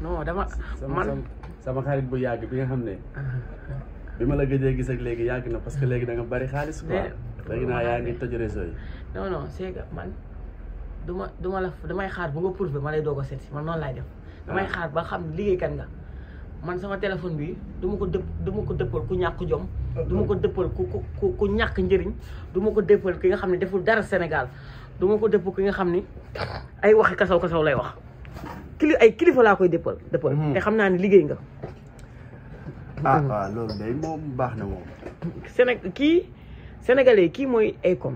non dama man sama xarit bu yàgg bi nga xam ne. Ah, ah. bi ma la gëjee gis ak léegi yàgg na parce que léegi da bari xaalis quoi. léegi naa yaa ngi toj ma du la damay xaar bu nga prouvé ma lay doog a seet man noonu laay def. damay ah. xaar ba xam liggéey liggéeykat nga. man sama téléphone bi duma ko dëpp du ko dëppal ku ñàkk jom. du ma ko dëppal ku ku ñàkk njëriñ. du ma ko dëppal ki nga xam ne deful dara Sénégal du ma ko dëpp ki nga xam ni ay waxi kasaw kasaw lay wax. kili kilifa laa koy dëppal dëppal mhm. te xam naa ni liggéey nga ah, ah moom baax na moom Séné kii sénégalais kii mooy Akon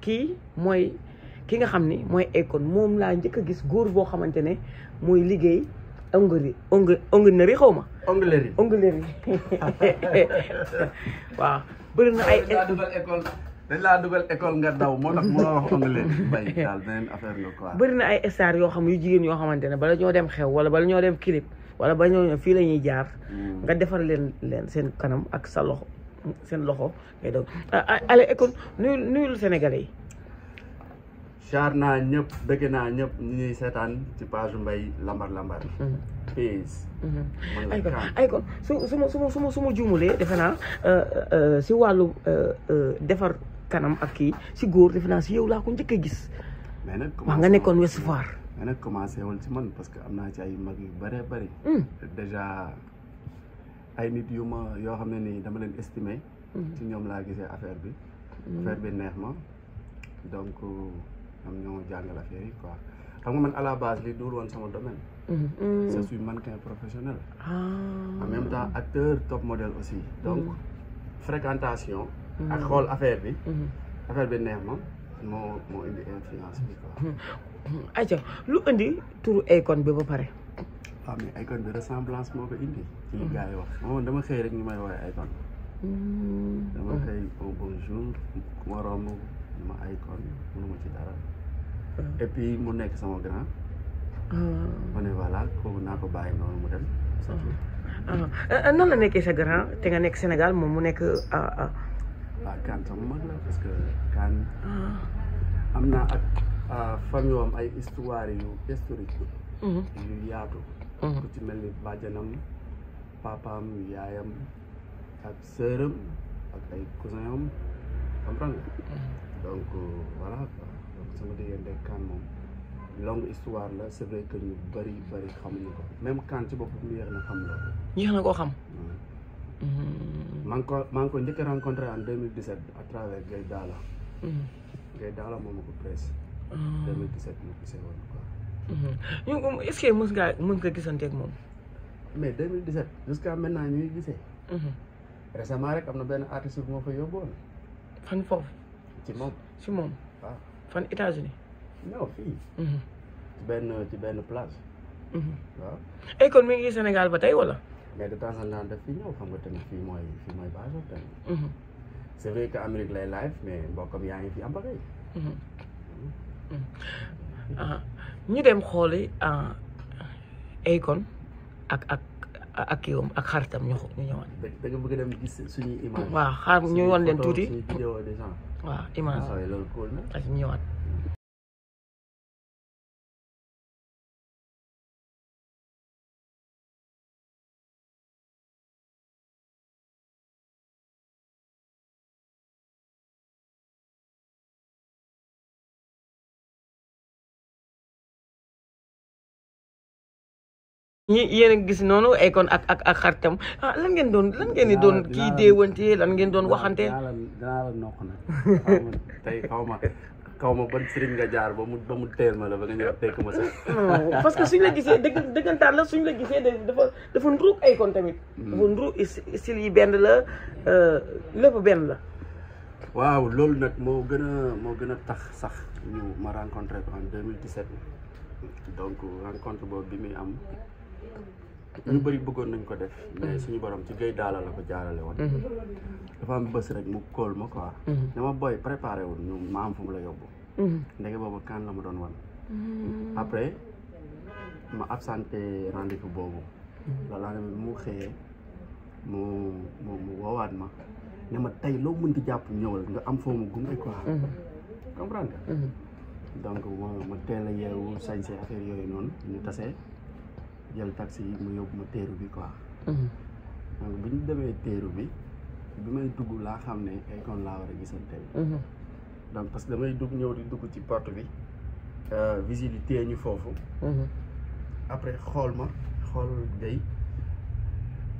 kii mooy ki nga xam ni mooy Akon moom laa njëkk a gis góor boo xamante ne mooy liggéey ongleri ongleri xaw ma ongleri ongleri waaw bëri na ay dañ laa dugal école nga daw moo tax mënoo wax anglais daal beneen ay star yoo xam yu jigéen yoo xamante ne bala ñoo dem xew wala bala ñoo dem clip wala bala ñoo fii la ñuy jaar. Hmm. nga defar leen seen kanam ak sa loxo seen loxo ngay daw ah, ah, allez école nuyu nuyul Sénégalais naa ñëpp bëgg naa ñëpp ñu ñuy seetaan ci page mbay lambar lambar. Hmm. peace. Hmm. ay kon su su ma su ma su euh, euh, si wàllu euh, defar. kanam ak ki si góor defe naa si yow laa ko njëkk a gis. mais nag commencé nga nekkoon Ouest Foire. mais nag commencé wul si man parce que am naa ci ay mag yu bëree bëri. Hmm. déjà ay nit yu ma yoo xam ne nii dama leen estimé. ci hmm. ñoom laa gisee affaire bi. Hmm. affaire bi neex ma donc ñoom ñoo jàngal affaire yi quoi xam nga man à la base li dul sama domaine. je suis mannequin professionnel. Ah. en même temps acteur top model aussi. donc fréquentation. Mhm. ak xool affaire bi. Mhm. affaire bi neex ma moo moo indi influence bi mhm. lu indi turu Akon bi ba ah, ko indi. ci oh, rek ñu may woowee Akon. dama xëy au oh, ci dara. mu nekk sama ah. ma ne noonu ah. Euh, euh, la nekkee sa grand te nga nekk Sénégal moom mu nekk. waa Kaan sama mag la parce que Kaan am naa ak ah, famille am ay histoire yu historique mm-hmm. yu yaatu mm-hmm. ku ci mel ni bàjjanam papaam yaayam ak sëram ak ay cousin am comprendre mm-hmm. donc euh, voilà quoi donc sama diggante Kaan moom longue histoire la c'est vrai ñu bëri bëri xamuñu ko même Kaan ci boppam yéex na xam loolu yéex na koo xam maa ngi ko maa ngi ko njëkk a rencontré en 2017 à travers Guèye Daala. Mm-hmm. Guèye Daala moom ko presse. 2017 ah. ñu gisee woon quoi. Mm-hmm. ñu est-ce que mos ngaa mos nga gisanteeg moom. mais 2017 jusqu'à maintenant ñuy gisee. Mm-hmm. récemment rek am na benn artiste bu ma fa yóbbuwoon. fan foofu. ci moom ci moom. Ah. fan États-Unis non fii. ci benn ci benn place. waaw. ay kon mi ngi Sénégal ba tey mais de temps en fi ñëw xam nga tamit fii mooy mhm. que Amérique lay live mais mbokkam yaa ngi fi am mhm. ba mhm. ah, dem xooli ah, Akon ak ak ak kiiwam ak xaritam ñu ñu ñëwaat. da nga bëgg dem gis waaw xaar ñu won leen tuuti. waaw image. waaw ah, loolu cool na. ak ñu ñëwaat. ñi yéen a gis noonu ay kon ak ak ak xaritam ah ngeen doon lan ngeen di doon kii déewante lan ngeen doon waxante. dinaa la dinaa la noq nag ma xaw ma ban sëriñ jaar ba mu ba mu ma ba nga ñëw ma sax. parce que suñ la gisee dëggantaan la suñ la gisee dafa dafa ndruuk ay kon tamit. Hmm. dafa ndruuk style yi benn la euh, lépp benn la. waaw loolu nag moo gën a moo gën a tax sax ñu ma rencontré ko donc rencontre boobu bi muy am. ñu bëri bëggoon nañ ko def mais suñu borom ci gay daala la ko jaarale woon mhm. dafa am bés rek mu kóol ma quoi dama mhm. booy préparé woon am fu la yóbbu mhm. ndege boobu kan la ma doon wan après ma absenté rendez-vous boobu loolu laa mu xëyee mu mu mu ma ne ma tey loo mënti jàpp ñëwal nga am foo mu gunge quoi comprendre nga donc ma ma teel yeewu sañse affaire yooyu noonu ñu tasee jël yi mu yóbbu ma téeru bi quoi. Mhm. donc bi ñu demee téeru bi bi may dugg laa xam ne Akon laa war a gisante bi mhm. donc parce que damay dugg ñëw di dugg ci porte bi euh, visité ñu foofu. Mhm. après xool ma xool gay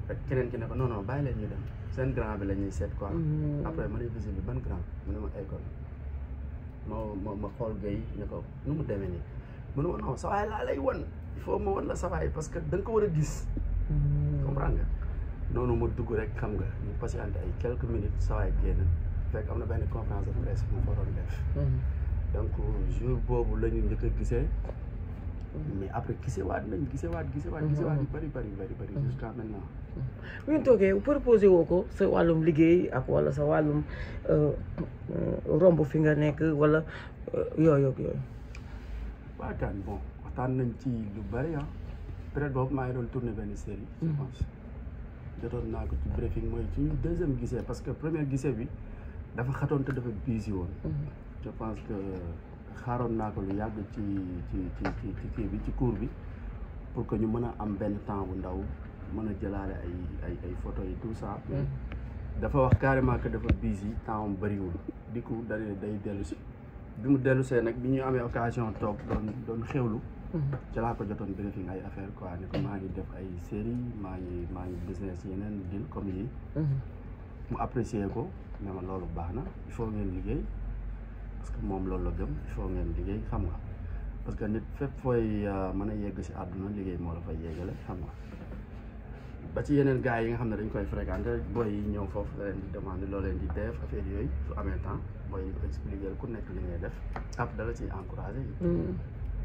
ak keneen ki ne ko non non bàyyi leen ñu dem seen grand bi la ñuy seet quoi. après ma ne visite bi ban grand mu ne ma Akon ma ma xool gay ne ko nii mu ne ma non laa lay won il faut ma wan la sawaay parce que da nga ko war a gis hmm. comprendre nga noonu ma dugg rek xam nga ñu patienté ay quelques minutes sawaay génn fekk am na benn conférence de presse bu ma waroon def hmm. donc jour boobu la ñu njëkk a gisee hmm. mais après gisewaat nañ gisewaat gisewaat gisewaat yu bëri bëri bëri bëri jusqu'à maintenant bu ñu toogee proposé woo ko sa wàllum liggéey ak wala sa wàllum euh, romb fi nga nekk wala euh, yooyu ak yooyu waxtaan nañ ci lu bari ah période boobu maa ngi doon tourné benn série je pense jotoon mm. naa ko ci briefing mooy ci deuxième gisee parce que première gisee bi dafa xatoon te dafa busy woon mm-hmm. je pense que xaaroon naa ko lu yàgg ci ci ci ci ci kii bi ci cours bi pour que ñu mën a am benn temps bu ndaw mën a ay ay ay photos yi tout ça mm-hmm. dafa wax carrément que dafa busy temps am bëriwul di ko dane day dellu si bi mu dellu nak nag bi ñu amee occasion toog doon xewlu ci laa ko jotoon briefing ay affaire quoi ne ko maa ngi def ay série maa ngi maa ngi business yeneen deal comme yi mhm. mu apprécier ko ne ma baax na il ngeen liggéey parce que moom loolu la gëm il ngeen liggéey xam nga parce que nit fépp fooy euh, mën a yegg si àdduna liggéey moo la fay yeggale xam nga ba ci yeneen gars yi nga xam ne dañ koy fréquenté booy yi foofu la loo leen di def affaire yooyu su amee temps mooy yi expliquer ku nekk li ngay def ab dala ciy encouragé yi mhm.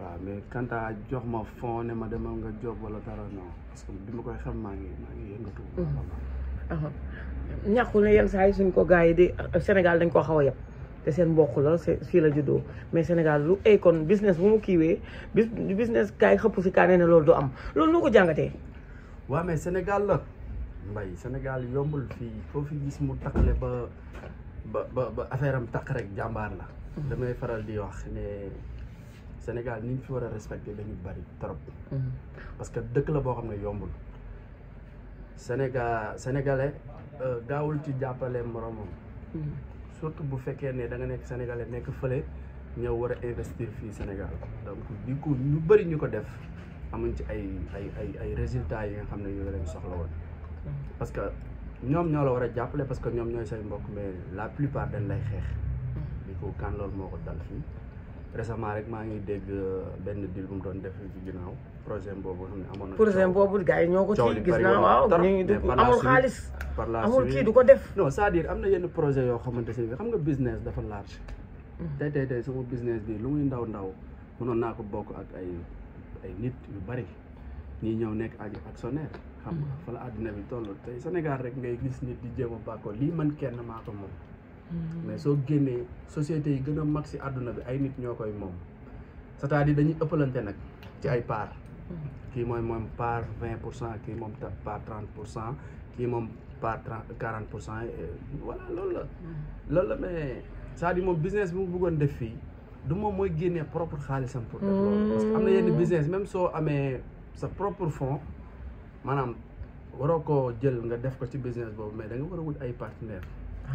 waaw mais quant jox ma fond ne ma demal nga job wala dara non parce que bi ma koy xam maa ngi maa ngi yëngatu. Mhm. ñàkkul ne saa yi suñ ko gars yi di Sénégal dañ koo xaw a yab te seen mbokk la fii la juddoo mais Sénégal lu ay eh, kon business bu mu kiiwee bis business kaay xëpp si kaa nee ne loolu du am loolu noo ko jàngatee. waaw mais Sénégal la mbay Sénégal yombul fii foo fi gis mu takkale ba ba ba affaire am takk rek jàmbaar la. Mhm. damay faral di wax ne. Sénégal ni ñu fi war a respecté dañu bari trop. Mm-hmm. parce que dëkk la boo xam ne yombul. Sénégal sénégalais euh, gaawul ci jàppale moromam. Mm-hmm. surtout bu fekkee ne da nga nekk sénégalais nekk fële ñëw war a investir fii Sénégal donc du coup ñu bëri ñu ko def amuñ ci ay ay ay ay résultats yi nga xam ne yooyu lañ soxla woon. Mm-hmm. parce que ñoom ñoo la war a jàppale parce que ñoom ñooy say mbokk mais la plupart dañ lay xeex. du coup kan loolu moo ko dal fii. récemment rek maa ngi dégg euh, benn deal bu mu doon def ci ginnaaw projet boobu nga xam amoon na. projet boobu gars yi ñoo ko kii gis naa waaw ñu ngi dugg amul xaalis. par la amul kii du ko def. non c'est-à-dire am na projet yoo xamante ne xam nga business dafa large. Mm-hmm. tey tey tey sama business bi lu muy ndaw ndaw mënoon naa ko bokk ak ay ay nit yu bari ñii ñëw nekk ak actionnaire. xam nga mm-hmm. fa la àddina bi toll tey Sénégal rek ngay gis nit di jéem a bàkkoo lii man kenn maa ko moom. Mm-hmm. mais soo génnee société yi gën a mag si àdduna bi ay nit ñoo koy moom c'est-à-dire dañuy ëppalante nag ci ay part mm-hmm. kii mooy moom part vingt pour cent kii moom part trente pour cent kii moom part trente quarante pour cent voilà lool la mm-hmm. loolu la mais cest à moom business bi mu bëggoon def fii du moom mooy génnee propre xaalisam pour def loolu parce que am na yenn business même soo amee sa propre fonds maanaam waroo koo jël nga def ko ci business boobu mais da nga war ay partenaires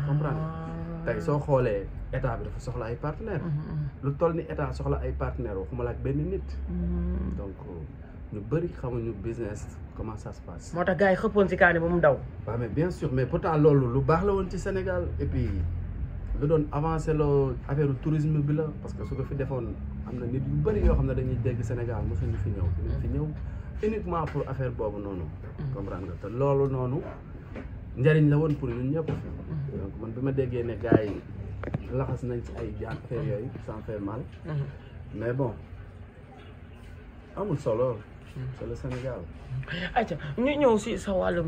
comprendre ah. tey soo xoolee état bi dafa soxla ay partenaires. Mm-hmm, mm-hmm. lu toll ni état soxla ay partenaires waxuma la ak benn nit. Mm-hmm. donc ñu bëri xamuñu business comment ça se moo tax gars yi xëppoon si kaani ba mu daw. waaw mais bien sûr mais pourtant loolu lu baax la woon ci Sénégal et puis lu doon avancé loo affaire tourisme bi la parce que su ko fi defoon am na nit yu bëri yoo xam ne dañuy dégg Sénégal mosuñu fi ñëw. dinañ fi ñëw uniquement pour affaire boobu noonu. comprendre nga te noonu. njariñ la woon pour ñun ñëpp mhm. man bi ma déggee ne gars yi laxas nañ ci ay jaan affaire mhm. yooyu sans mal mhm. mais bon amul solo c'est le Sénégal acca ñu si sa wàllum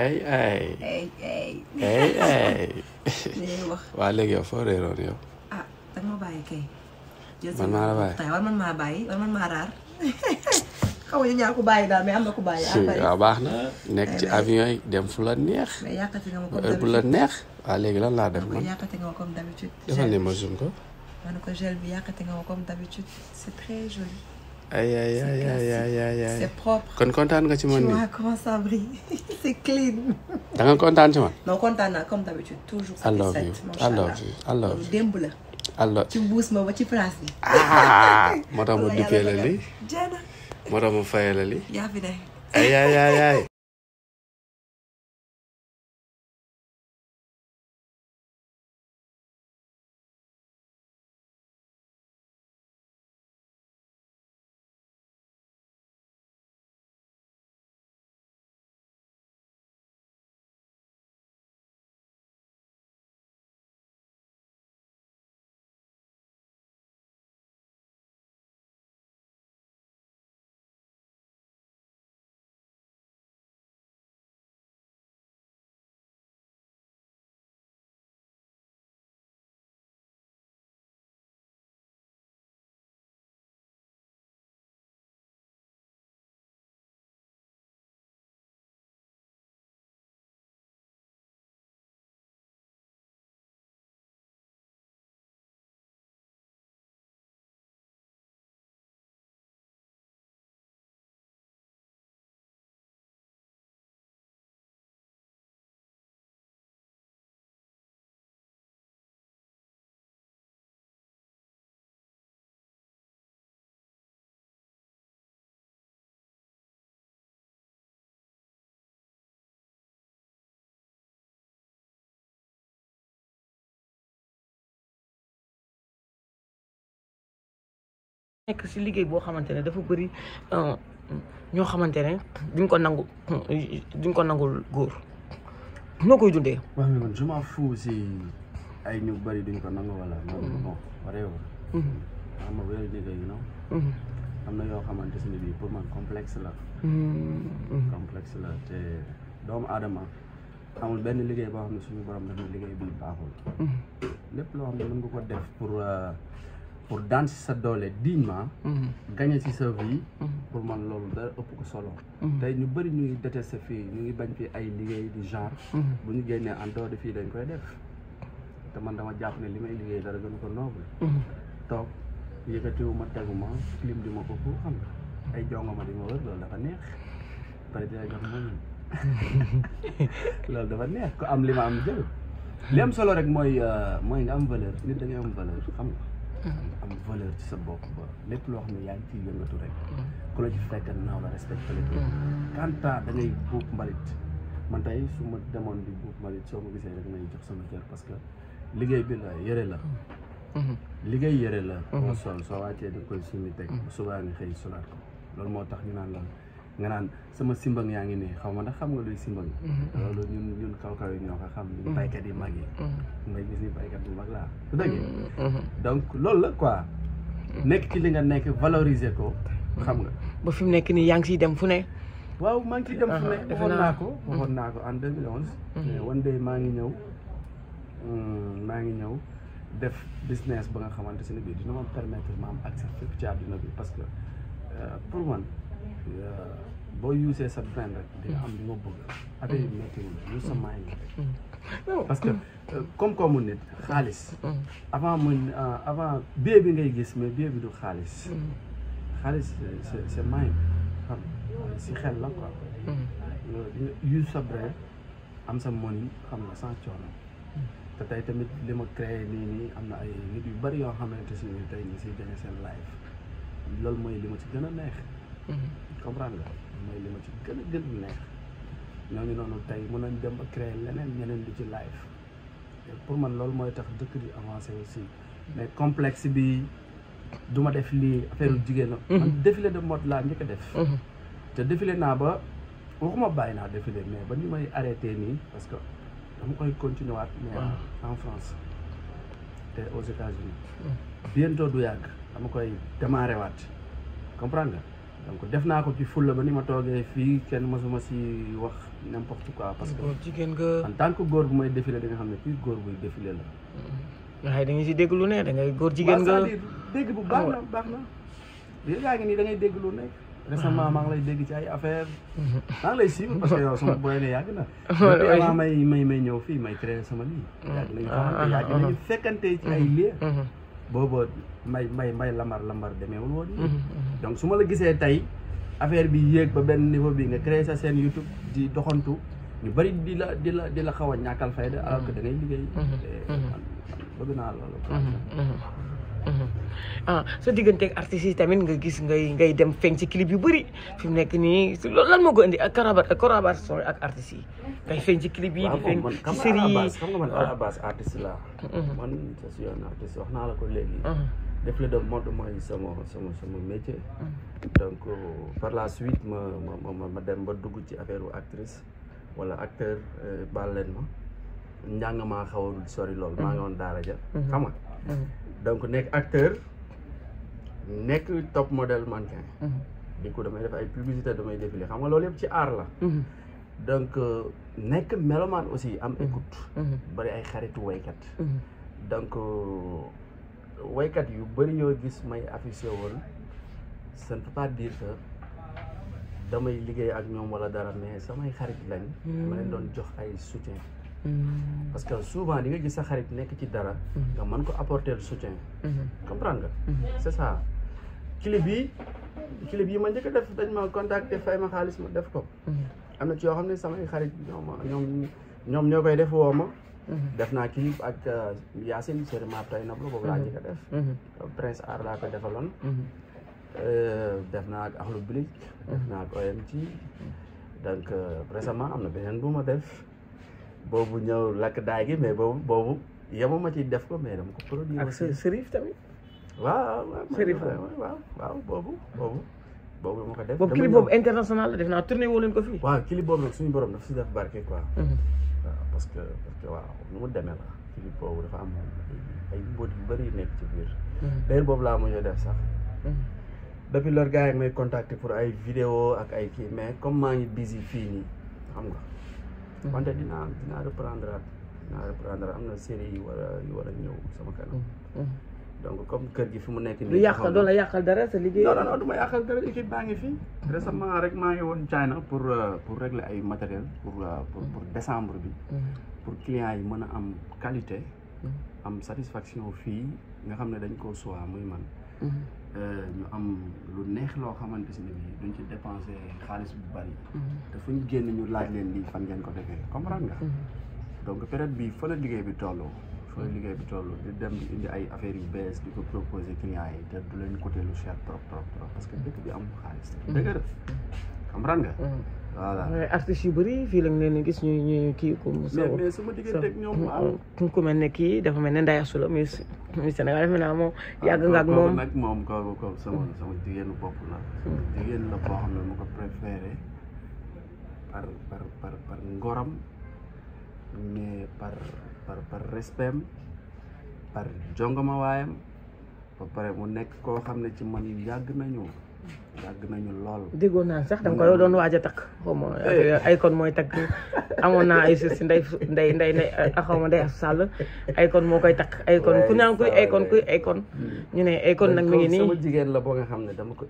ay ay ay ay waa léegi yow foo réeroon yow ah danga ma bàyyi man maa la war man maa raar xaw ma ah, baax na nekk ci eh, avion yi dem fu la neex. mais yàqati neex. léegi lan laa def ah, man yàqati nga ma comme d'habitude. defal ne ma zoom ko. kon kontaan nga ci man nii tu kontaan ci man. non kontaan naa comme d'habitude toujours. I love you I love you ah! moo tax ma duppee la moo tax mu fayal li yaa fi ne ay ay ay ay nekk si liggéey boo xamante ne dafa bëri euh, ñoo xamante ne duñ ko nangu duñ ko nangul góor noo koy dundee. waaw mais man je m'en si ay ñu bari duñ ko nangu wala. Mm-hmm. bon whatever. xam mm-hmm. mm-hmm. na yoo xamante ne bii la. complexe la doomu aadama amul benn liggéey boo xam ne suñu borom daf liggéey bii baaxul. lépp loo xam ne mën nga ko def pour. Euh, pour daan si sa doole dignement mhm. gagné si sa vie mhm. pour man loolu dara ëpp ko solo mhm. tey ñu bëri ñu ngi sa fii ñu ngi bañ fii ay liggéey du genre bu ñu génnee en dehors de fii dañ koy def te man dama jàpp ne li may liggéey dara gënu ko noble toog yëkkatiwuma teguma clim di ma ko pour xam ay jongoma di ma wër loolu dafa neex pare dina jox ma loolu dafa neex ku am li ma am jël li am solo rek mooy euh, mooy nga am valeur nit da ngay am valeur xam nga am valeur ci sa bopp ba lépp loo xam ne yaa ngi ciy yëngatu rek mm-hmm. ku la ci fekk naaw la respecté la ci mm-hmm. kanta da ngay buub mbalit man tey su ma demoon di buub mbalit soo ma gisee rek may jox sama cër parce que liggéey bi la yére la mm-hmm. liggéey yëre la boo sol soo wàccee da koy summi teg subaa nga xëy solaat ko loolu moo tax ñu naan la nga naan sama simbang yaa ngi nii xaw ma ndax xam nga luy simbang mm-hmm. loolu ñun ñun kaw kaw yi ñoo ko xam ñun mm-hmm. baykat yi mag yi mm-hmm. bu mag laa su donc loolu la quoi nekk ci li nga nekk valorisé ko xam nga ba fi mu nekk nii yaa ngi siy dem fu ne waaw maa ngi ciy dem fu ne ah, waxoon naa ko waxoon naa ko en 2011 one day maa ngi ñëw mm, maa ngi ñëw def business ba nga xamante si ne bii dina ma permettre ma am accès fépp ci àdduna bi parce que euh, pour man boo usee sa brain rek di nga am di ma bëgg affaire yi météo lu sa maay rek parce que koom-koomu euh, nit xaalis mm. avant mu euh, avant billet bi ngay gis mais billet bi du xaalis mm. xaalis c'est c'est maay si xel la quoi mm. di use sa brain am sa money xam nga sans coono te tey tamit li ma créé nii nii am na ay nit yu bari yoo xamante si ni tey ñu si gagné seen life loolu mooy li ma ci gën a neex Mhm. comprendre nga mooy li ma ci gën a gën neex ñooñu noonu tey mën nañ dem ba créer leneen ñeneen di ci live pour man loolu mooy tax dëkk di avancé si mhm. mais complexe bi duma ma def lii affaire mhm. jigéen la man défilé de mode laa njëkk a def te défilé naa ba waxuma bàyyi naa défilé mais ba ñu may arrêté nii parce que dama koy continuer waat mais ah. en France te aux États-Unis bientôt du yàgg dama koy démarré waat comprendre nga donc def naa ko ci fulla ba ni ma toogee fii kenn mësuma si wax n'importe quoi parce que jigéen nga en tant que góor bu may défilé da xam ne kii góor buy défilé la nga mm-hmm. xëy da nga si dégg lu ne da ngay góor jigéen nga dégg bu baax na ah, baax na lii yaa nii da ngay dégg lu nekk récemment maa ngi lay dégg ci ay affaire mm-hmm. maa ngi lay suivre parce que ne yàgg na maa may may ñëw fii may créer sama lii mm-hmm. yàgg nañu xamante ah, yàgg nañu ah, fekkante ci ay lieu may may may lamar lamar demi woon mhm, mhm. donc su la gisee tey affaire bi yéeg ba benn niveau bi nga sa YouTube di doxantu ñu bari di la di la di la xaw a fayda mhm. alors que da ngay liggéey bëgg ah sa digganteeg artistes yi tamit nga gis ngay ngay dem feeñ ci clip yu bëri fi mu nekk nii lan moo indi ak collaboration collaboration ak artistes yi ngay feeñ ci clip yi di feeñ ci série xam nga man à artiste la man artiste wax la ko def le demandement yi sama sama sama métier hmm. donc par la suite eh, ma ma hmm. ma dem ba dugg ci affaire actrice wala acteur baal leen ma njàng maa xaw sori lool maa ngi woon daara ja xam hmm. nga donc nekk acteur nekk top model mannequin du coup damay def ay publicité damay défilé xam nga loolu yëpp ci aar la donc nekk mélomane aussi am écoute bari ay xaritu waykat donc waykat yu bëri ñoo gis may affiché woon ça ne veut damay liggéey ak ñoom wala dara mais samay xarit lañ. ma doon jox ay soutien. Hmm. parce que souvent di nga gis sa xarit nekk ci dara. Hmm. nga man ko apporter le soutien. Hmm. comprendre nga. c' ça clip bi clip yi ma njëkk def dañ ma contacter fay ma xaalis ma def ko. am na ci yoo xam ne samay xarit ñoom ñoom ñoom ñoo koy def woo ma. def naa clip ak euh, Yacine Serigne Map tay la boobu laa njëkk a def mm-hmm. euh, Prince la laa ko defaloon mm-hmm. euh, def naa ak Akhlou def mm-hmm. naa ak ci donc récemment am na beneen bu ma def boobu ñëw lakk daay gi mais boobu boobu yemuma ci def ko mais dama ko produire ak Serif tamit waaw waaw waaw boobu boobu boobu ma ko def def naa tourné leen ko fii waaw clip boobu nag suñu borom si def barke quoi waaw parce que parce que waaw nu mu demee la clip bu dafa am ay mbóot yu bëri nekk ci biir mm-hmm. d'ailleurs boobu laa mujjee def sax mm-hmm. depuis leur gars yi may contacter pour ay vidéo ak ay kii mais comme maa ngi busy fii nii xam nga mm-hmm. wante dinaa dinaa reprendre dinaa reprendre am na série yu war a yu war a ñëw sama kanam donc comme kër gi fi mu nekk nii. du yàqal doon la yàqal dara sa liggéey. non non non ma yàqal dara équipe baa ngi fi. récemment rek maa ngi woon China pour euh, pour régler ay matériel pour euh, pour mm-hmm. décembre bi. Mm-hmm. pour clients yi mën a am qualité. Mm-hmm. am satisfaction fii nga xam ne dañ koo soie muy man. Euh, ñu am lu neex loo xamante si ne bii duñ ci dépensé xaalis bu bari. te fuñ génn ñu laaj leen lii fan ngeen ko defee comprendre nga. donc période bi fa la liggéey bi tolloo. dafa liggéey bi toll di dem di indi ay affaires yu bees di ko proposer clients yi te du leen côté lu cher trop trop trop parce que dëkk bi amul xaalis dëgg la comprendre nga mm-hmm. voilà artistes yu bëri fii lañ leen gis ñuy ñuy kii comme so mais sama diggante ak ñoom am ku mel ne kii dafa mel ne Ndaya Sula muy muy Sénégal defe naa ah, moom ah, yàgg nga ak moom nag moom kooku kooku sama mm-hmm. sama jigéenu bopp la mm-hmm. jigéen la boo xam ne mu ko préféré par par par par ngoram mais par par par respect par jongoma waayam ba pare mu nekk koo xam ci man yàgg nañu yàgg nañu lool. déggoon sax da ko doon waaj a takk xaw eh. ay kon mooy takk amoon ay si nday nday nday nday ah, xaw ma ay kon moo koy ay kon ku naan kuy ay kon kuy eh. ay kon hmm. ñu ne ay kon mi ngi sama la nga dama ko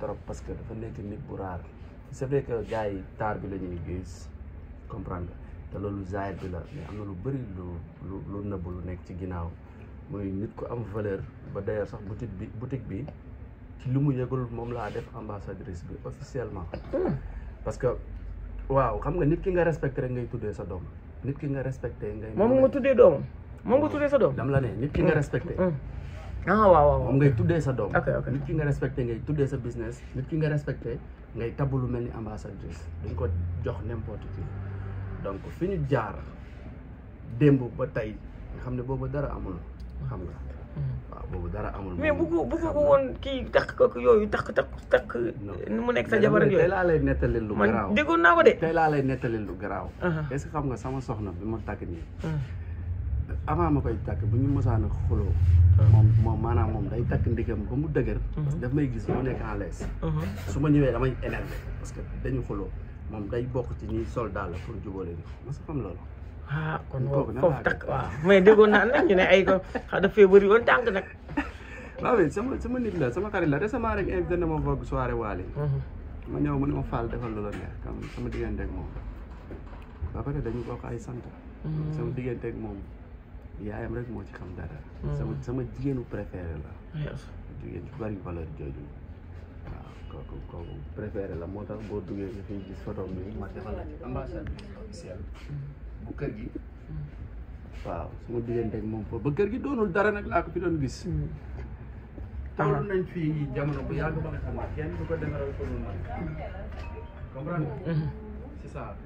trop parce que dafa nit bu c'est vrai que bi gis comprendre te loolu zaahir bi la mais am na lu bëri lu lu lu nëbb lu nekk ci ginnaaw muy nit ku am valeur ba d'ailleurs sax boutique bi boutique bi ci li mu yëgul moom laa def ambassadrice bi officiellement parce que waaw xam nga nit ki nga respecté rek ngay tuddee sa doom nit ki nga respecté ngay moom nga tuddee doomam moom nga tuddee sa doom dam la ne nit ki nga respecté mm, mm, mm. ah waaw waaw moom ngay tuddee sa doom nit ki nga respecté ngay tuddee sa business nit ki nga respecté ngay tabulu mel ni ambassadrice duñ ko jox n'importe qui donc fi ñu jaar démb ba tey nga xam ne boobu dara amul xam nga mm-hmm. waaw boobu dara amul mais bu kii takk ko yooyu takk takk takk mu nekk sa jabar ak yooyu tey laa lay nettali lu garaaw déggoon naa ko de tey laa lay nettali lu garaaw uh-huh. est xam nga sama soxna bi ma takk nii uh-huh. avant ma koy takk bu ñu mosaan a xuloo uh-huh. moom maanaam moom day takk ndigam ko mu dëgër parce may gis moo nekk en su ma ñëwee damay énervé parce dañu xuloo moom day bokk ci ñuy soldat la pour jubóole réew ma sa xam loolu ah kon foofu takk waaw mais déggoon naa nag ñu ne ay ko xaw daf fee bëri woon tànk nag waaw mais sama sama nit la sama xarit la récemment rek invité na ma vogue soirée waale mhm. ma ñëw mu ne ma Fall defal lu la neex kam sama diggante ak moom ba pare dañu bokk ay sant mhm. sama diggante ak moom yaayam rek moo ci xam dara mhm. sama sama jigéenu préféré la jigéen ju bari valeur jooju kooku kooku préféré la moo tax boo duggee nga fiy gis photo bi ma defal la ci ambassade bi officiel bu kër gi waaw suma diggante ak moom foofu ba kër gi doonul dara nag laa ko fi doon gis taxul nañ fii jamono bu yàgg ba nga xam ne kenn du ko demeral ko lu nag comprendre c'est ça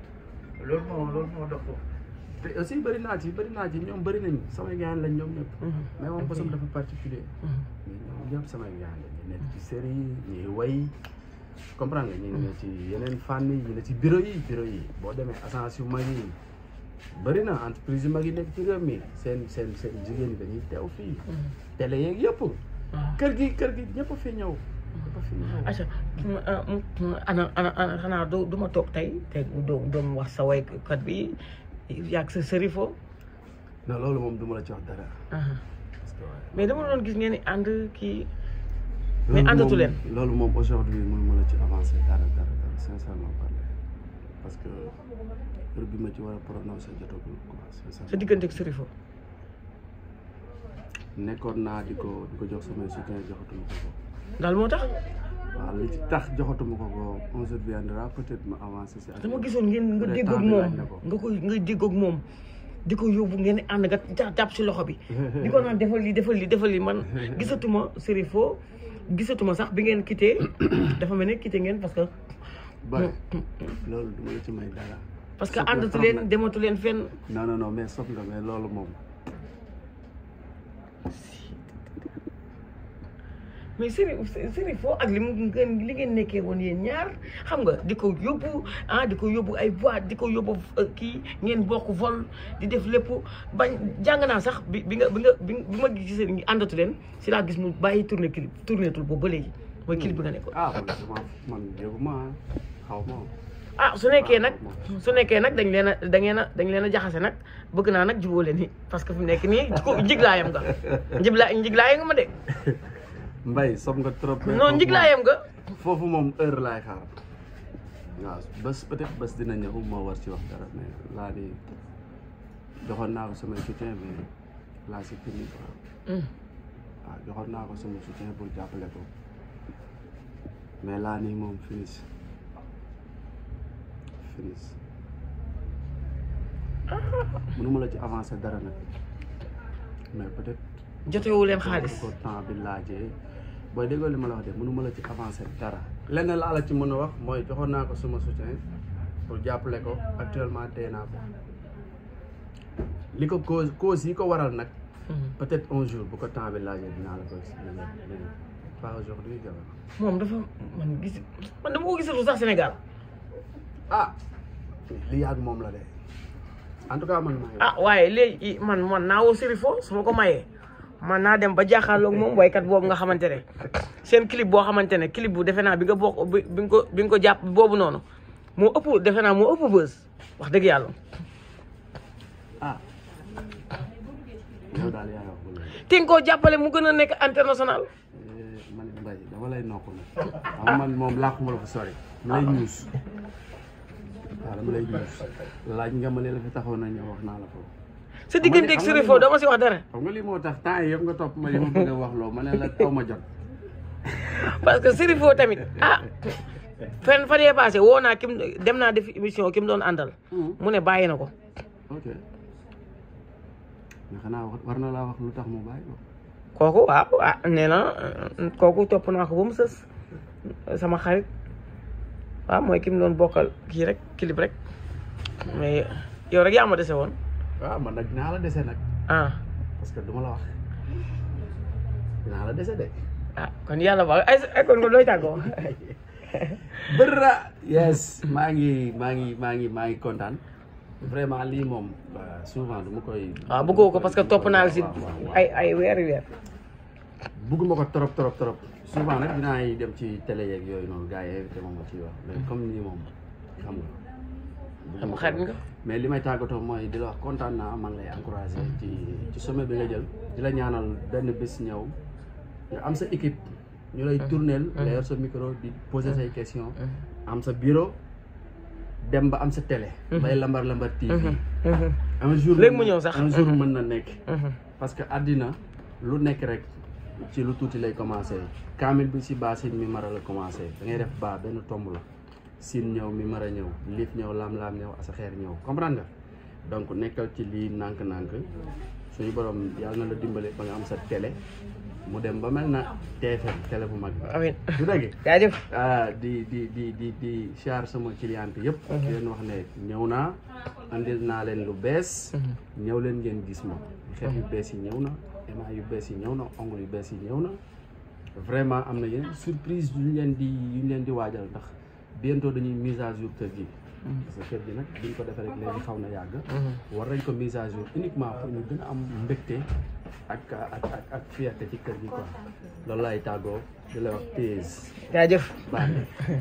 loolu moo loolu moo dox foofu te aussi bëri naa ci bëri naa ci ñoom bëri nañ samay gaan lañ ñoom ñëpp mais moom bosom dafa particulier mais ñoom ñëpp samay nekk ci série ñuy way comprendre nga ñu ne ci yeneen fànn yi ñu ci bureau yi bureau yi boo demee agence yu mag yi na entreprise yu mag yi nekk ci réew mi seen seen seen jigéen yi dañuy teew fii mm-hmm. télé yeeg yëpp ah. kër gi kër gi ñëpp fi ñëw aca mm-hmm. mm-hmm, ana xanaa du du ma toog tey te mu wax sa waykat bi yàgg sa sërifo non loolu moom du ma la ci wax dara ah. mais dama doon gis ngeen ni ànd kii mais àndatu leen loolu moom aujourd'hui mënuma la ci avancé dara dara sincèrement parlé parce que heure bi ma ci war a prononcé jotagul sincèrement sa diggante ak Serifo nekkoon naa di ko di ko jox samay soutien joxatuma ko ko daal moo li ci tax joxatuma ko ko on se viendra peut-être ma avancé si dama gisoon ngeen nga déggoog moom nga nga di ko ngeen loxo bi defal li defal li defal li man gisatuma Serifo gisatuma sax bi ngeen quitté dafa mel ne quitté ngeen parce que. bari loolu ci may dara. parce que àndatu leen dematu leen fenn. non non non mais sopp nga mais loolu moom. mais Chérif Chérif Fo ak li mu ngeen li ngeen nekkee woon yéen ñaar xam nga di ko yóbbu ah di ko yóbbu ay boîte di ko yóbbu euh, kii ngeen bokk vol di def lépp bañ jàng naa sax bi bi nga bi nga bi ma gisee àndatu leen si laa gis mu bàyyi tourné clip tourné tul boobu ba léegi mooy clip bi nga nekkoon. ah man ah, su nekkee nag su nekkee nag dañ leen da ngeen dañ leen a jaxase nag bëgg naa nag jubóole ni parce que fu nekk nii jiglaayam nga njiglaay njiglaay nga ma de mbay sob nga trop. non ndik la yem nga. fofu mom heure lay xaar wa bés peut-être bés dina ñëw moo war ci wax dara mais la di joxoon na ko sama soutien mais la ci fini quoi. hmm wa joxoon na ko sama soutien pour jàppale ko mais la ni mom finis finis mënuma la ci avancer dara nak mais peut-être. jotewu leen xaalis ko temps bi laajee. mooy déggoo li ma la wax de mënu ma la ci avancer dara lenn laa la ci mën a wax mooy joxoon naa ko suma soutien pour jàppale ko actuellement téye naa ko ko cause cause yi ko waral nag mhm. peut-être un jour bu ko temps bi laajee dinaa la ko expliquer pas aujourd'hui dafa man gis man dama ko gisatul sax Sénégal ah li yàgg moom la de en tout cas man maay ah waaye léegi man man naawoo sérifo su ma ko mayee man naa dem ba jaaxaarloog moom waykat boobu nga xamante ne seen clip boo xamante ne clip bu defe naa bi nga bokk bi nga ko bi nga ko jàpp boobu noonu moo ëpp defe naa moo ëpp bës wax dëgg yàlla ah. te nga koo jàppale mu gën a nekk international. Eh, man Mbaye dama lay moom làkk ma la fa sori. lay ñuus. waaw laaj nga ma ne la naa ko. sa diggante ak Chérif Lo doo si wax dara. moo tax temps yëpp nga topp a wax loo parce que Chérif Lo tamit ah fan fan yee passé woo naa kim dem naa def émission kim doon àndal. Hmm. mu ne bàyyi na ko. ok mais xanaa kooku waaw ah nee kooku topp naa ko ba mu sës sama xarit waaw mooy kim doon bokkal kii rek clip rek mais yow rek yaa ma dese waaw ah, man nag dinaa la dese nag. ah parce que du la wax la dese de. ah kon yàlla ba ay yes maa ngi maa ngi maa ngi maa ngi kontaan. vraiment lii moom euh, souvent du ma koy. waaw ah, bëggoo ko parce que topp naa si ay ay weer weer. bëgguma ko trop trop trop souvent nag dinaay dem ci télé yeeg yooyu noonu gars yi invité moom ci wax mais comme nii moom xam xarit nga mais li may tàggatoo mooy di la wax kontaan naa maa lay encouragé ci ci sommet bi nga jël di la ñaanal benn bés ñëw nga am sa équipe ñu lay tourneel mm-hmm. nga yor sa micro di poser say mm-hmm. question mm-hmm. am sa bureau dem ba am sa télé bay lambar lambar TV léegi mu ñëw sax mën na nekk parce que àddina lu nekk rek ci lu tuuti lay commencé kaamil bi si baasin mi mara la commencé da ngay def baa benn tomb la sin ñëw mi mar a ñëw liif ñëw laam-laam ñëw asaxeer ñëw comprendre nga donc nekkal ci lii nànk-nànk suñu borom yàlla na la dimbale ba nga am sa télé mu dem ba télé bu mag du ah, di di di di di char sama client yëpp mhm. di leen wax ne ñëw naa andil naa len lu bees mhm. ñëw leen ngeen gis ma xeex yu mhm. bees yi ñëw na émail yu bees yi ñëw na ongle yu bees yi na vraiment am surprise yu ñu di yu ñu di waajal ndax bientôt dañuy mise à jour kër gi. Mm. parce que kër gi nag buñ ko defee rek léegi xaw na yàgg. Mm-hmm. war nañ ko mise à jour uniquement pour ñu gën a am mbégte ak ak ak ak fierté ci kër gi quoi loolu laay tàggoo di la wax peace. jaajëf.